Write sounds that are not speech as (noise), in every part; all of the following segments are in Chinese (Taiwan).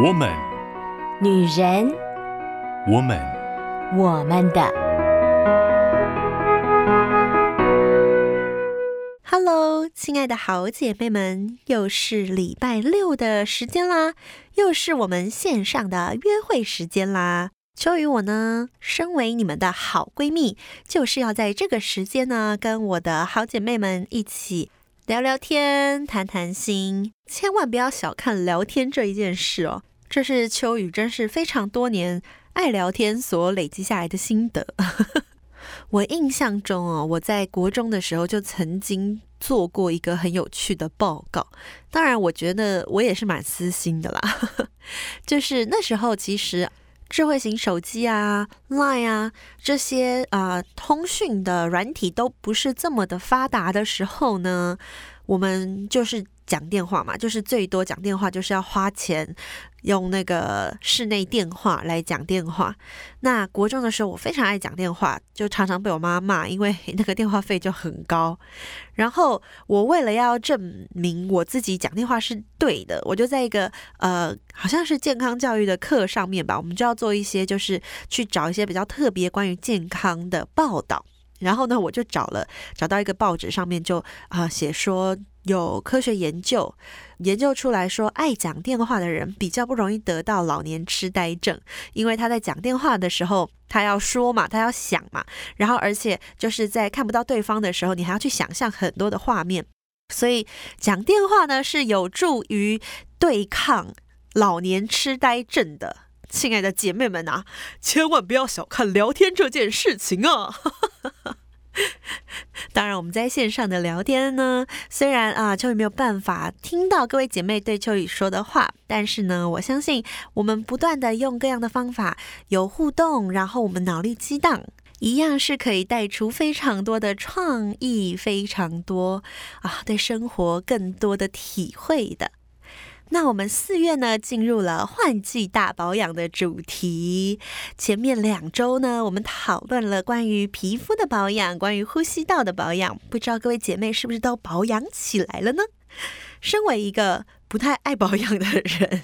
我們女人，我們我們的，Hello，親愛的好姐妹們，又是禮拜六的時間啦，又是我們線上的約會時間啦。秋雨我呢，身為你們的好閨蜜，就是要在這個時間呢，跟我的好姐妹們一起聊聊天、談談心，千萬不要小看聊天這一件事哦。這是秋雨，真是非常多年愛聊天所累積下來的心得。 (laughs) 我印象中哦，我在國中的時候就曾經做過一個很有趣的報告。當然，我覺得我也是蠻私心的啦。 (laughs) 就是那時候，其實智慧型手機啊、LINE 啊這些啊、呃、通訊的軟體都不是這麼的發達的時候呢，我們就是講電話嘛，就是最多講電話，就是要花錢。用那個室內電話來講電話。那國中的時候，我非常愛講電話，就常常被我媽罵，因為那個電話費就很高。然後我為了要證明我自己講電話是對的，我就在一個呃好像是健康教育的課上面吧，我們就要做一些就是去找一些比較特別關於健康的報道。然後呢，我就找了找到一個報紙上面就啊寫說。有科學研究研究出來說，愛講電話的人比較不容易得到老年癡呆症，因為他在講電話的時候，他要說嘛，他要想嘛，然後而且就是在看不到對方的時候，你還要去想象很多的畫面，所以講電話呢是有助於對抗老年癡呆症的。親愛的姐妹們啊，千萬不要小看聊天這件事情啊！ (laughs) (laughs) 當然，我們在線上的聊天呢，雖然啊秋雨沒有辦法聽到各位姐妹對秋雨說的話，但是呢，我相信我們不斷的用各樣的方法有互動，然後我們腦力激盪，一樣是可以帶出非常多的創意，非常多啊，對生活更多的體會的。那我們四月呢，進入了換季大保養的主題。前面兩周呢，我們討論了關於皮膚的保養，關於呼吸道的保養。不知道各位姐妹是不是都保養起來了呢？身為一個不太愛保養的人，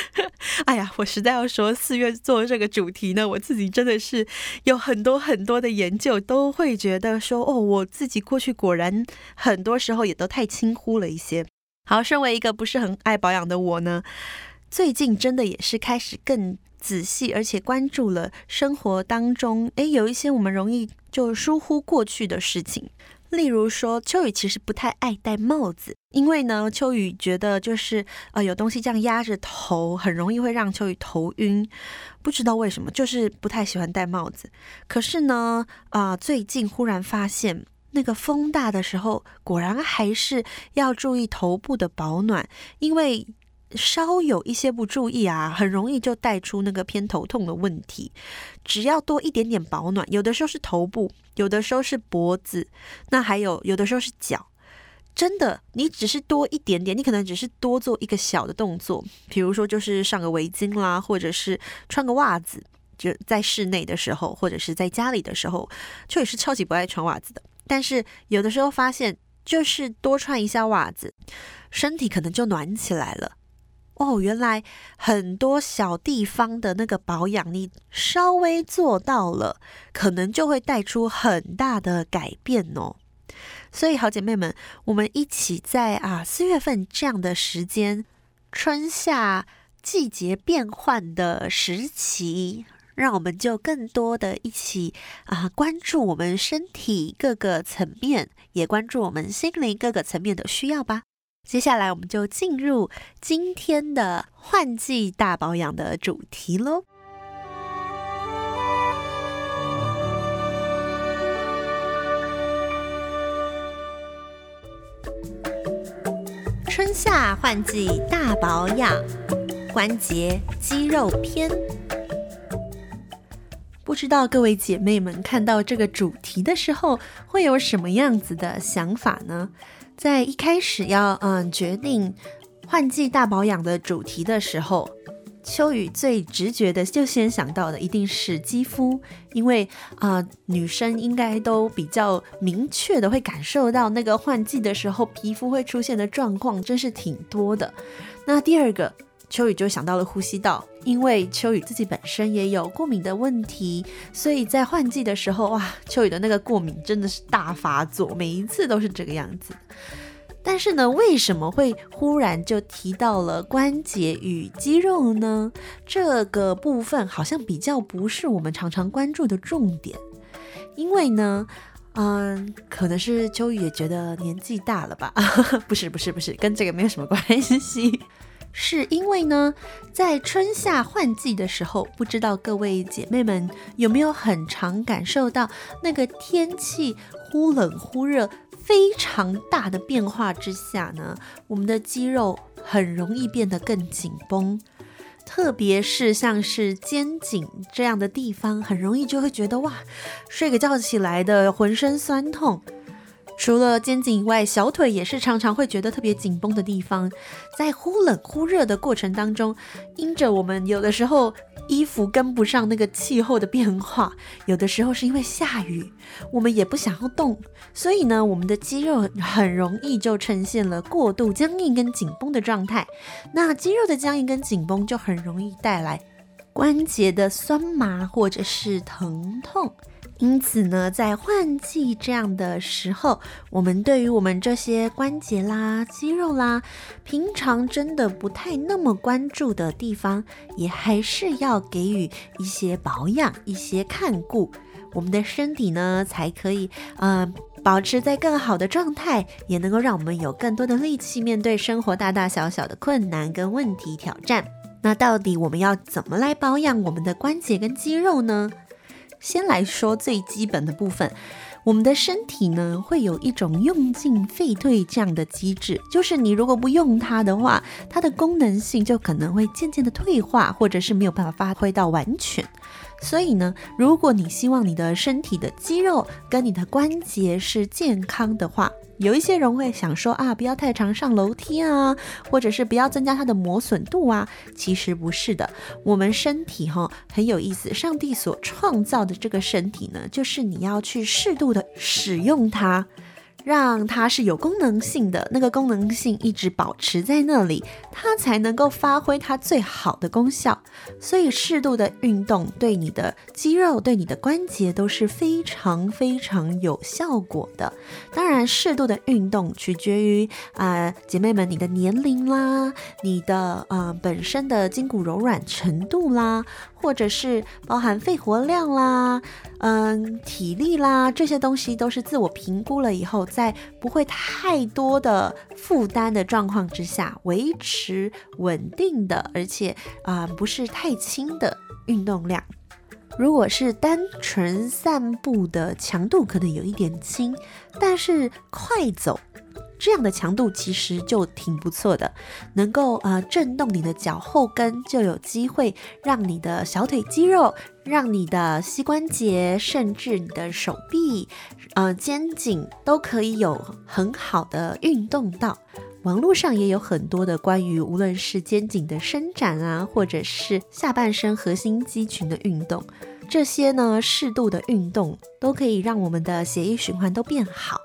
(laughs) 哎呀，我實在要說四月做這個主題呢，我自己真的是有很多很多的研究，都會覺得說，哦，我自己過去果然很多時候也都太輕忽了一些。好，身為一個不是很愛保養的我呢，最近真的也是開始更仔細，而且關注了生活當中，誒、欸，有一些我們容易就疏忽過去的事情。例如說，秋雨其實不太愛戴帽子，因為呢，秋雨覺得就是呃，有東西這樣壓着頭，很容易會讓秋雨頭暈。不知道為什麼，就是不太喜歡戴帽子。可是呢，啊、呃，最近忽然發現。那個風大的時候，果然還是要注意頭部的保暖，因為稍有一些不注意啊，很容易就帶出那個偏頭痛的問題。只要多一點點保暖，有的時候是頭部，有的時候是脖子，那還有有的時候是腳。真的，你只是多一點點，你可能只是多做一個小的動作，比如說就是上個圍巾啦，或者是穿個襪子，就在室內的時候，或者是在家裡的時候，這也是超級不愛穿襪子的。但是有的時候發現，就是多穿一下襪子，身體可能就暖起來了。哦，原來很多小地方的那個保養，你稍微做到了，可能就會帶出很大的改變哦。所以，好姐妹們，我們一起在啊四月份這樣的時間，春夏季節變換的時期。讓我們就更多的一起啊，呃，關注我們身體各個層面，也關注我們心靈各個層面的需要吧。接下來，我們就進入今天的換季大保養的主題嘍。春夏換季大保養，關節肌肉篇。不知道各位姐妹們看到這個主題的時候會有什麼樣子的想法呢？在一開始要嗯決定換季大保養的主題的時候，秋雨最直覺的就先想到的一定是肌膚，因為啊、呃、女生應該都比較明確的會感受到那個換季的時候皮膚會出現的狀況真是挺多的。那第二個，秋雨就想到了呼吸道。因為秋雨自己本身也有過敏的問題，所以在換季的時候，哇，秋雨的那個過敏真的是大發作，每一次都是這個樣子。但是呢，為什麼會忽然就提到了關節與肌肉呢？這個部分好像比較不是我們常常關注的重點。因為呢，嗯，可能是秋雨也覺得年紀大了吧？ (laughs) 不是不是不是，跟這個沒有什麼關係。是因為呢，在春夏換季的時候，不知道各位姐妹們有沒有很常感受到那個天氣忽冷忽熱、非常大的變化之下呢，我們的肌肉很容易變得更緊繃，特別是像是肩頸這樣的地方，很容易就會覺得哇，睡個覺起來的渾身痠痛。除了肩頸以外，小腿也是常常會覺得特別緊繃的地方。在忽冷忽熱的過程當中，因着我們有的時候衣服跟不上那個氣候的變化，有的時候是因為下雨，我們也不想要動，所以呢，我們的肌肉很容易就呈現了過度僵硬跟緊繃的狀態。那肌肉的僵硬跟緊繃就很容易帶來關節的痠麻或者是疼痛。因此呢，在換季這樣的時候，我們對於我們這些關節啦、肌肉啦，平常真的不太那麼關注的地方，也還是要給予一些保養、一些看顧，我們的身體呢才可以，呃，保持在更好的狀態，也能夠讓我們有更多的力氣面對生活大大小小的困難跟問題挑戰。那到底我們要怎麼來保養我們的關節跟肌肉呢？先來說最基本的部分，我們的身體呢會有一種用進廢退這樣的機制，就是你如果不用它的話，它的功能性就可能會漸漸的退化，或者是沒有辦法發揮到完全。所以呢，如果你希望你的身體的肌肉跟你的關節是健康的話，有一些人會想說啊，不要太常上樓梯啊，或者是不要增加它的磨損度啊。其實不是的，我們身體哈、哦、很有意思，上帝所創造的這個身體呢，就是你要去適度的使用它。讓它是有功能性的，那個功能性一直保持在那裡，它才能夠發揮它最好的功效。所以適度的運動對你的肌肉、對你的關節都是非常非常有效果的。當然，適度的運動取決於啊、呃，姐妹們，你的年齡啦，你的啊、呃、本身的筋骨柔軟程度啦。或者是包含肺活量啦，嗯、呃，體力啦，這些東西都是自我評估了以後，在不會太多的負擔的狀況之下，維持穩定的，而且啊、呃，不是太輕的運動量。如果是單純散步的強度，可能有一點輕，但是快走。這樣的強度其實就挺不錯的，能夠呃震動你的腳後跟，就有機會讓你的小腿肌肉、讓你的膝關節，甚至你的手臂、呃肩頸都可以有很好的運動到。網絡上也有很多的關於無論是肩頸的伸展啊，或者是下半身核心肌群的運動，這些呢，適度的運動都可以讓我們的血液循環都變好。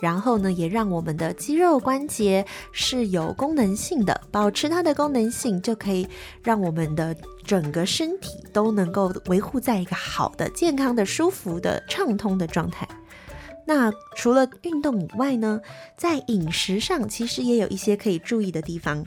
然後呢，也讓我們的肌肉關節是有功能性的，保持它的功能性，就可以讓我們的整個身體都能夠維護在一個好的、健康的、舒服的、暢通的狀態。那除了運動以外呢，在飲食上其實也有一些可以注意的地方。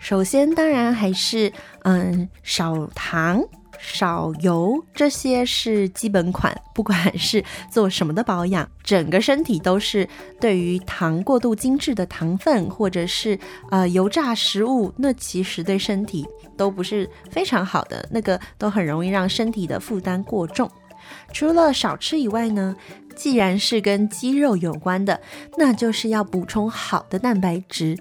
首先當然還是嗯，少糖。少油，這些是基本款。不管是做什麼的保養，整個身體都是對於糖過度精製的糖分，或者是呃油炸食物，那其實對身體都不是非常好的，那個都很容易讓身體的負擔過重。除了少吃以外呢，既然是跟肌肉有關的，那就是要補充好的蛋白質。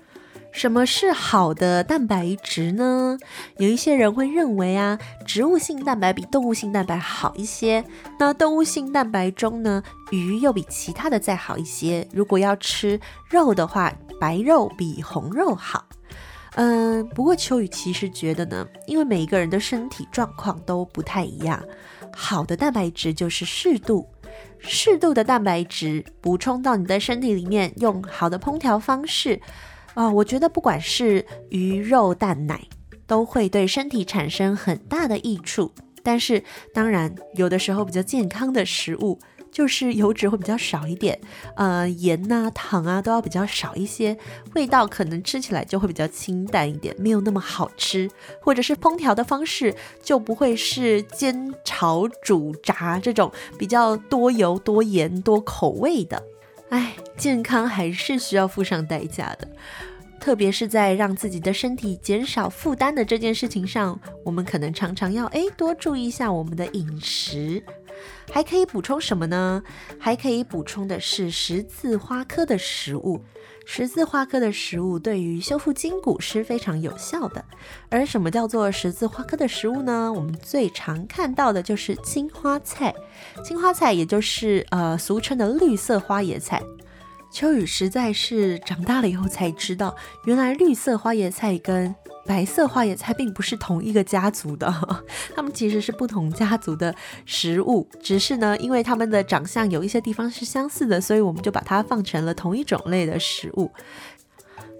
什麼是好的蛋白質呢？有一些人會認為啊，植物性蛋白比動物性蛋白好一些。那動物性蛋白中呢，魚又比其他的再好一些。如果要吃肉的話，白肉比紅肉好。嗯、呃，不過秋雨其實覺得呢，因為每一個人的身體狀況都不太一樣，好的蛋白質就是適度，適度的蛋白質補充到你的身體裡面，用好的烹調方式。啊、哦，我覺得不管是魚肉、蛋奶，都會對身體產生很大的益處。但是，當然有的時候比較健康的食物，就是油脂會比較少一點，呃，鹽吶、啊、糖啊都要比較少一些，味道可能吃起來就會比較清淡一點，沒有那麼好吃，或者是烹調的方式就不會是煎、炒、煮、炸這種比較多油、多鹽、多口味的。哎，健康還是需要付上代價的，特別是在讓自己的身體減少負擔的這件事情上，我們可能常常要誒多注意一下我們的飲食，還可以補充什麼呢？還可以補充的是十字花科的食物。十字花科的食物對於修復筋骨是非常有效的。而什麼叫做十字花科的食物呢？我們最常看到的就是青花菜，青花菜也就是呃俗稱的綠色花椰菜。秋雨實在是長大了以後才知道，原來綠色花椰菜跟。白色花椰菜並不是同一個家族的，它們其實是不同家族的食物。只是呢，因為它們的長相有一些地方是相似的，所以我們就把它放成了同一種類的食物。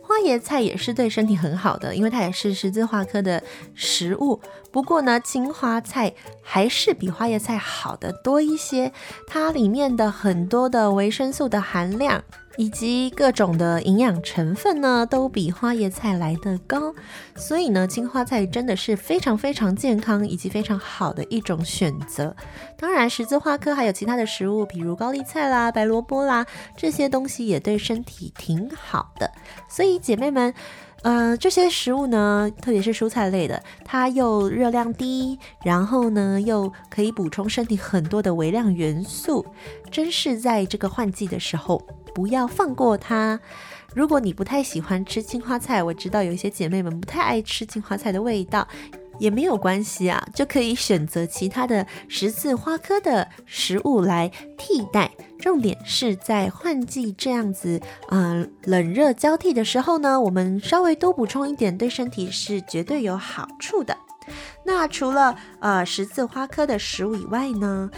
花椰菜也是對身體很好的，因為它也是十字花科的食物。不過呢，青花菜還是比花椰菜好得多一些，它裡面的很多的維生素的含量，以及各種的營養成分呢，都比花椰菜來得高，所以呢，青花菜真的是非常非常健康以及非常好的一種選擇。當然，十字花科還有其他的食物，比如高麗菜啦、白蘿蔔啦，這些東西也對身體挺好的。所以，姐妹們。呃，這些食物呢，特別是蔬菜類的，它又熱量低，然後呢又可以補充身體很多的微量元素，真是在這個換季的時候不要放過它。如果你不太喜歡吃青花菜，我知道有一些姐妹們不太愛吃青花菜的味道。也沒有關係啊，就可以選擇其他的十字花科的食物來替代。重點是在換季這樣子，嗯、呃，冷熱交替的時候呢，我們稍微多補充一點，對身體是絕對有好處的。那除了呃十字花科的食物以外呢，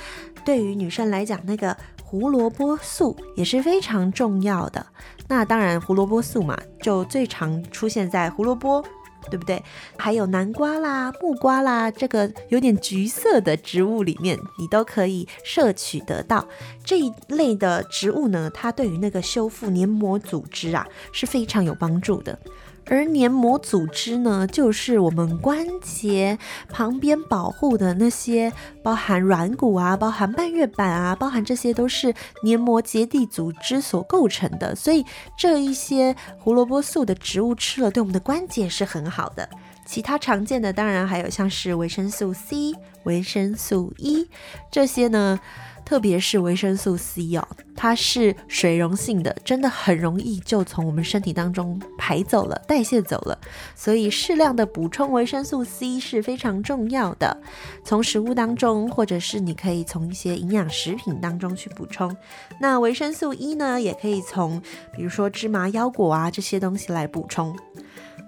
對於女生來講，那個胡蘿蔔素也是非常重要的。那當然，胡蘿蔔素嘛，就最常出現在胡蘿蔔。對不對？還有南瓜啦、木瓜啦，這個有點橘色的植物裡面，你都可以攝取得到。這一類的植物呢，它對於那個修復黏膜組織啊，是非常有幫助的。而黏膜組織呢，就是我們關節旁邊保護的那些，包含軟骨啊，包含半月板啊，包含這些都是黏膜結締組織所構成的。所以這一些胡蘿蔔素的植物吃了，對我們的關節是很好的。其他常見的，當然還有像是維生素 C、維生素 E 這些呢。特別是維生素 C 哦，它是水溶性的，真的很容易就從我們身體當中排走了，代謝走了，所以適量的補充維生素 C 是非常重要的。從食物當中，或者是你可以從一些營養食品當中去補充。那維生素 E 呢，也可以從比如說芝麻、腰果啊這些東西來補充。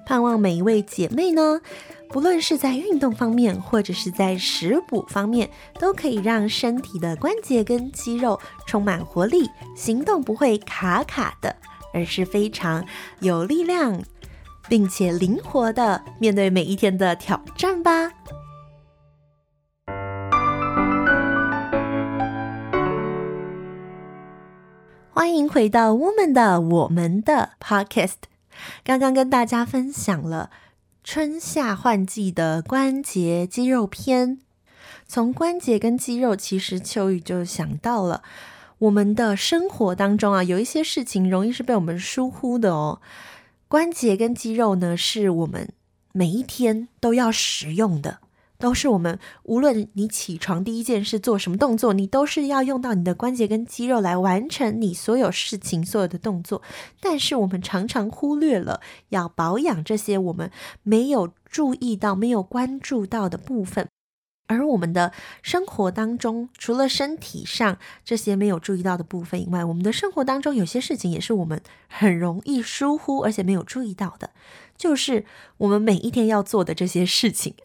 盼望每一位姐妹呢，不論是在運動方面，或者是在食補方面，都可以讓身體的關節跟肌肉充滿活力，行動不會卡卡的，而是非常有力量，並且靈活的面對每一天的挑戰吧。歡迎回到《Woman 的我們的 Podcast》。剛剛跟大家分享了春夏換季的關節肌肉篇，從關節跟肌肉，其實秋雨就想到了我們的生活當中啊，有一些事情容易是被我們疏忽的哦。關節跟肌肉呢，是我們每一天都要使用的，都是我們，無論你起床第一件事做什麼動作，你都是要用到你的關節跟肌肉來完成你所有事情、所有的動作。但是我們常常忽略了要保養這些我們沒有注意到、沒有關注到的部分。而我們的生活當中，除了身體上這些沒有注意到的部分以外，我們的生活當中有些事情也是我們很容易疏忽，而且沒有注意到的。就是我們每一天要做的這些事情，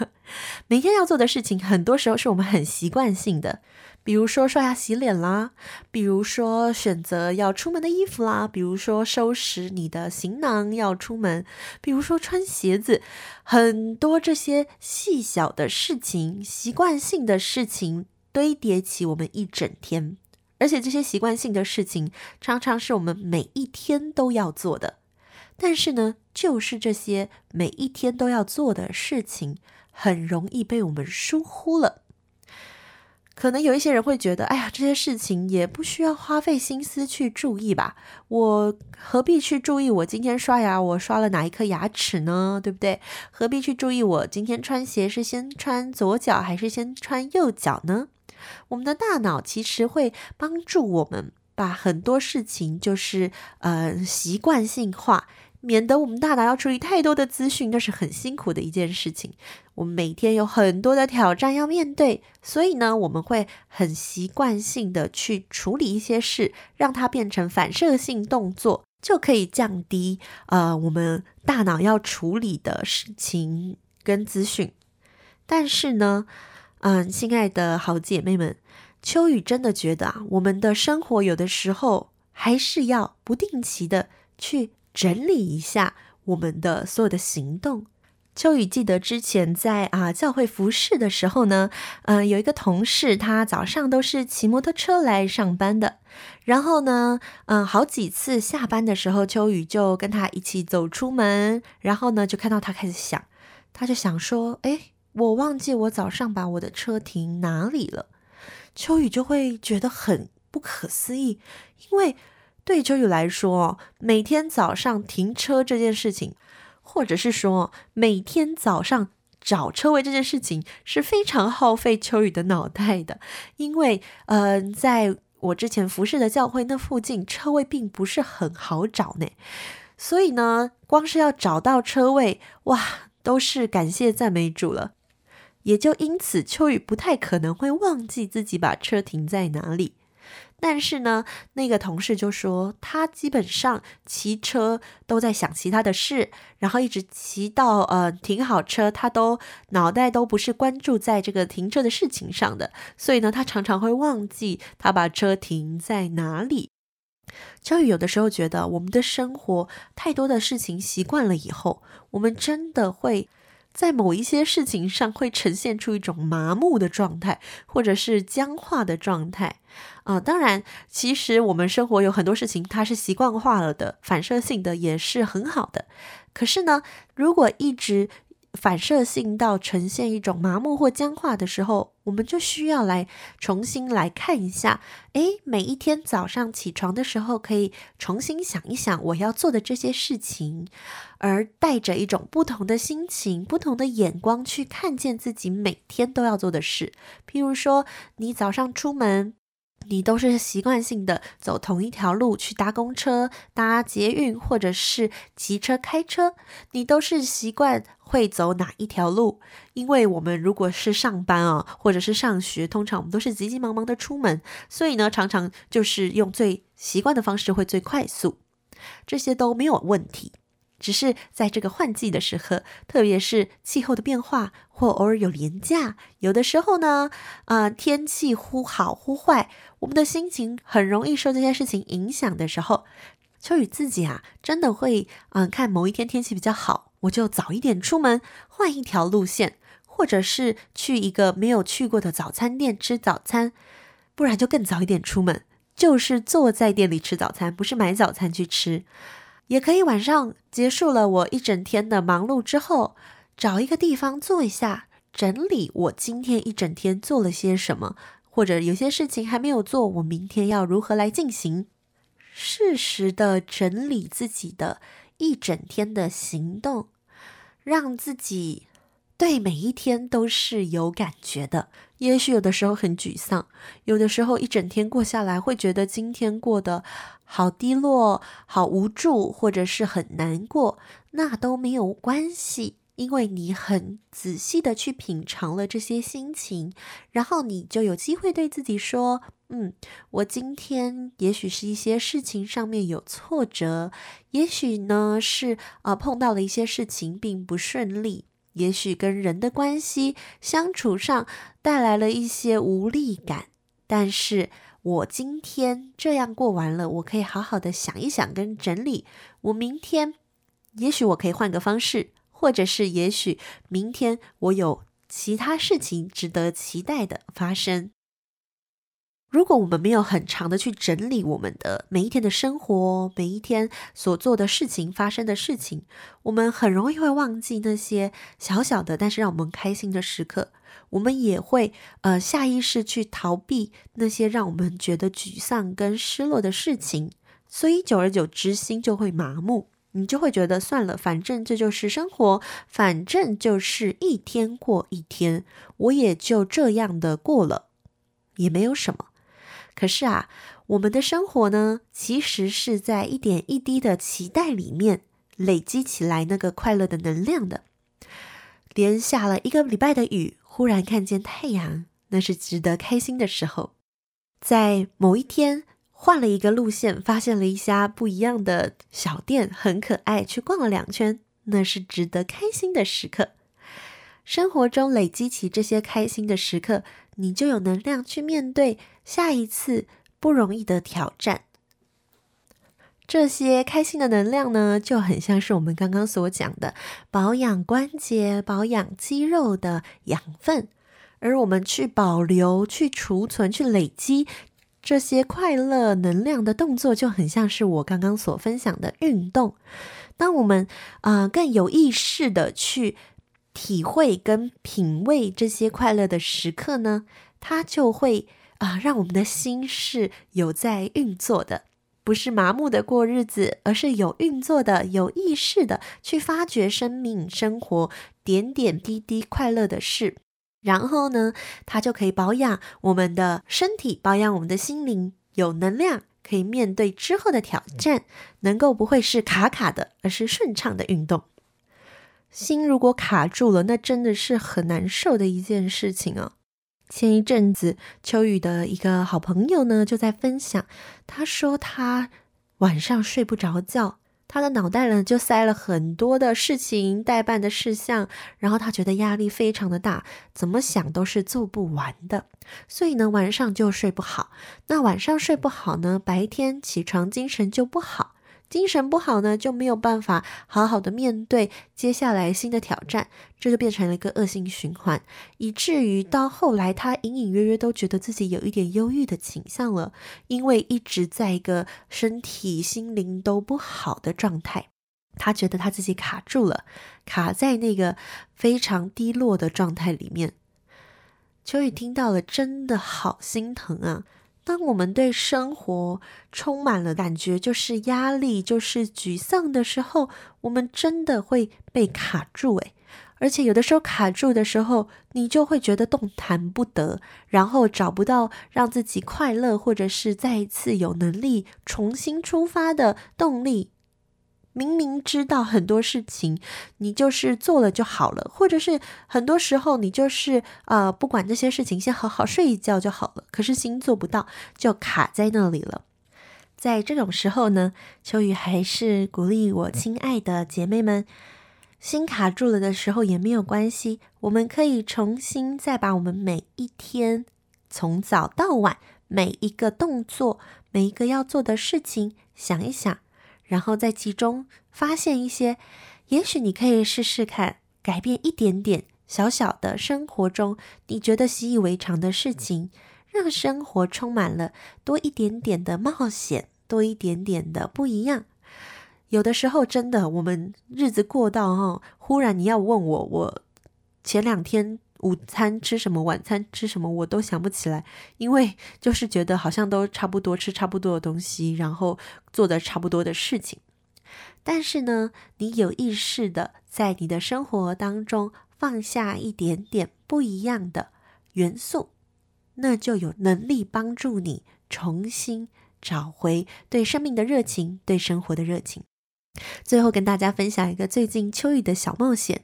(laughs) 每天要做的事情，很多時候是我們很習慣性的，比如說刷牙洗臉啦，比如說選擇要出門的衣服啦，比如說收拾你的行囊要出門，比如說穿鞋子，很多這些細小的事情、習慣性的事情堆疊起我們一整天，而且這些習慣性的事情常常是我們每一天都要做的，但是呢，就是這些每一天都要做的事情，很容易被我們疏忽了。可能有一些人會覺得，哎呀，這些事情也不需要花費心思去注意吧？我何必去注意我今天刷牙，我刷了哪一顆牙齒呢？對不對？何必去注意我今天穿鞋是先穿左腳還是先穿右腳呢？我們的大腦其實會幫助我們把很多事情，就是呃習慣性化。免得我們大腦要處理太多的資訊，那是很辛苦的一件事情。我們每天有很多的挑戰要面對，所以呢，我們會很習慣性的去處理一些事，讓它變成反射性動作，就可以降低呃我們大腦要處理的事情跟資訊。但是呢，嗯、呃，親愛的好姐妹們，秋雨真的覺得啊，我們的生活有的時候還是要不定期的去。整理一下我們的所有的行動。秋雨記得之前在啊、呃、教會服侍的時候呢，嗯、呃，有一個同事，他早上都是騎摩托車來上班的。然後呢，嗯、呃，好幾次下班的時候，秋雨就跟他一起走出門，然後呢，就看到他開始想，他就想說，哎，我忘記我早上把我的車停哪裡了。秋雨就會覺得很不可思議，因為。對秋雨來說，每天早上停車這件事情，或者是說每天早上找車位這件事情，是非常耗費秋雨的腦袋的。因為，嗯、呃，在我之前服侍的教會那附近，車位並不是很好找呢。所以呢，光是要找到車位，哇，都是感謝讚美主了。也就因此，秋雨不太可能會忘記自己把車停在哪裡。但是呢，那個同事就說，他基本上騎車都在想其他的事，然後一直騎到呃停好車，他都腦袋都不是關注在這個停車的事情上的，所以呢，他常常會忘記他把車停在哪裡。教育有的時候覺得，我們的生活太多的事情習慣了以後，我們真的會。在某一些事情上會呈現出一種麻木的狀態，或者是僵化的狀態啊、呃。當然，其實我們生活有很多事情，它是習慣化了的，反射性的也是很好的。可是呢，如果一直。反射性到呈現一種麻木或僵化的時候，我們就需要來重新來看一下。哎，每一天早上起床的時候，可以重新想一想我要做的這些事情，而帶着一種不同的心情、不同的眼光去看見自己每天都要做的事。譬如說，你早上出門。你都是習慣性的走同一條路去搭公車、搭捷運，或者是騎車、開車，你都是習慣會走哪一條路？因為我們如果是上班啊，或者是上學，通常我們都是急急忙忙的出門，所以呢，常常就是用最習慣的方式會最快速，這些都沒有問題。只是在這個換季的時候，特別是氣候的變化，或偶爾有連假，有的時候呢，啊、呃，天氣忽好忽壞，我們的心情很容易受這些事情影響的時候，秋雨自己啊，真的會，嗯、呃，看某一天天氣比較好，我就早一點出門，換一條路線，或者是去一個沒有去過的早餐店吃早餐，不然就更早一點出門，就是坐在店裡吃早餐，不是買早餐去吃。也可以晚上結束了我一整天的忙碌之後，找一個地方坐一下，整理我今天一整天做了些什麼，或者有些事情還沒有做，我明天要如何來進行，適時的整理自己的一整天的行動，讓自己。對，每一天都是有感覺的。也許有的時候很沮喪，有的時候一整天過下來，會覺得今天過得好低落，好無助，或者是很難過，那都沒有關係，因為你很仔細的去品嘗了這些心情，然後你就有機會對自己說：“嗯，我今天也許是一些事情上面有挫折，也許呢，是啊，碰到了一些事情並不順利。”也許跟人的關係相處上帶來了一些無力感，但是我今天這樣過完了，我可以好好的想一想跟整理。我明天，也許我可以換個方式，或者是也許明天我有其他事情值得期待的發生。如果我們沒有很長的去整理我們的每一天的生活，每一天所做的事情，發生的事情，我們很容易會忘記那些小小的，但是讓我們開心的時刻。我們也會，呃，下意識去逃避那些讓我們覺得沮喪跟失落的事情。所以久而久之，心就會麻木，你就會覺得算了，反正這就是生活，反正就是一天過一天，我也就這樣的過了，也沒有什麼。可是啊，我們的生活呢，其實是在一點一滴的期待裡面累積起來那個快樂的能量的。連下了一個禮拜的雨，忽然看見太陽，那是值得開心的時候。在某一天換了一個路線，發現了一家不一樣的小店，很可愛，去逛了兩圈，那是值得開心的時刻。生活中累積起這些開心的時刻。你就有能量去面對下一次不容易的挑戰。這些開心的能量呢，就很像是我們剛剛所講的保養關節、保養肌肉的養分。而我們去保留、去儲存、去累積這些快樂能量的動作，就很像是我剛剛所分享的運動。當我們啊、呃、更有意識地去。體會跟品味這些快樂的時刻呢，它就會啊、呃，讓我們的心是有在運作的，不是麻木的過日子，而是有運作的、有意識的去發掘生命、生活點點滴滴快樂的事。然後呢，它就可以保養我們的身體，保養我們的心靈，有能量，可以面對之後的挑戰，能夠不會是卡卡的，而是順暢的運動。心如果卡住了，那真的是很難受的一件事情啊、哦。前一陣子秋雨的一個好朋友呢，就在分享，他說他晚上睡不着覺，他的腦袋呢就塞了很多的事情、待辦的事項，然後他覺得壓力非常的大，怎麼想都是做不完的，所以呢晚上就睡不好。那晚上睡不好呢，白天起床精神就不好。精神不好呢，就沒有辦法好好的面對接下來新的挑戰，這就變成了一個惡性循環，以至於到後來，他隱隱約約都覺得自己有一點憂鬱的傾向了，因為一直在一個身體、心靈都不好的狀態，他覺得他自己卡住了，卡在那個非常低落的狀態裡面。秋雨聽到了，真的好心疼啊。當我們對生活充滿了感覺，就是壓力，就是沮喪的時候，我們真的會被卡住誒，而且有的時候卡住的時候，你就會覺得動彈不得，然後找不到讓自己快樂，或者是再一次有能力重新出發的動力。明明知道很多事情，你就是做了就好了，或者是很多時候你就是啊、呃，不管這些事情，先好好睡一覺就好了。可是心做不到，就卡在那裡了。在這種時候呢，秋雨還是鼓勵我親愛的姐妹們，心卡住了的時候也沒有關係，我們可以重新再把我們每一天從早到晚每一個動作、每一個要做的事情想一想。然後在其中發現一些，也許你可以試試看，改變一點點小小的生活中你覺得習以為常的事情，讓生活充滿了多一點點的冒險，多一點點的不一樣。有的時候真的，我們日子過到哈、哦，忽然你要問我，我前兩天。午餐吃什麼，晚餐吃什麼，我都想不起來，因為就是覺得好像都差不多吃差不多的東西，然後做的差不多的事情。但是呢，你有意識地在你的生活當中放下一點點不一樣的元素，那就有能力幫助你重新找回對生命的熱情，對生活的熱情。最後跟大家分享一個最近秋雨的小冒險，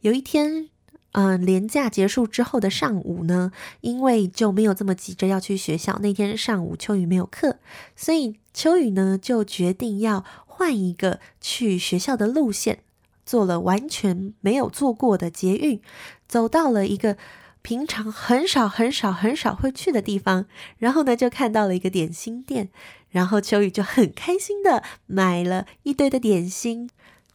有一天，嗯，呃、連假結束之後的上午呢，因為就沒有這麼急着要去學校。那天上午秋雨沒有課，所以秋雨呢就決定要換一個去學校的路線，坐了完全沒有坐過的捷運，走到了一個平常很少、很少、很少會去的地方。然後呢，就看到了一個點心店，然後秋雨就很開心的買了一堆的點心。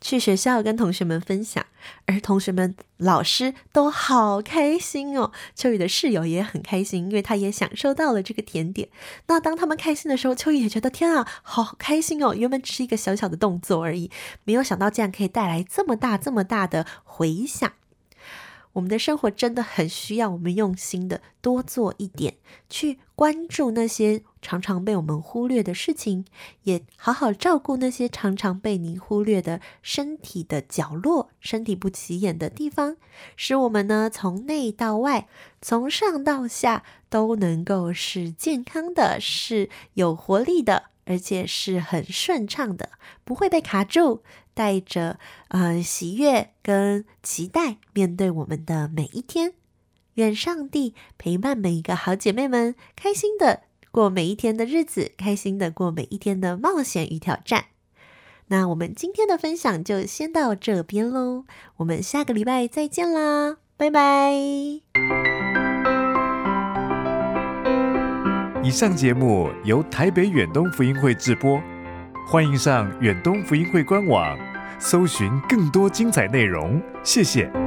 去學校跟同學們分享，而同學們、老師都好開心哦。秋雨的室友也很開心，因為他也享受到了這個甜點。那當他們開心的時候，秋雨也覺得天啊，好開心哦！原本只是一個小小的動作而已，沒有想到竟然可以帶來這麼大、這麼大的回響。我們的生活真的很需要我們用心的多做一點，去關注那些。常常被我們忽略的事情，也好好照顧那些常常被您忽略的身體的角落、身體不起眼的地方，使我們呢從內到外、從上到下都能夠是健康的、是有活力的，而且是很順暢的，不會被卡住。帶着呃喜悅跟期待，面對我們的每一天。願上帝陪伴每一個好姐妹們，開心的。過每一天的日子，開心的過每一天的冒險與挑戰。那我們今天的分享就先到這邊嘍，我們下個禮拜再見啦，拜拜。以上節目由台北遠東福音會直播，歡迎上遠東福音會官網，搜尋更多精彩內容，謝謝。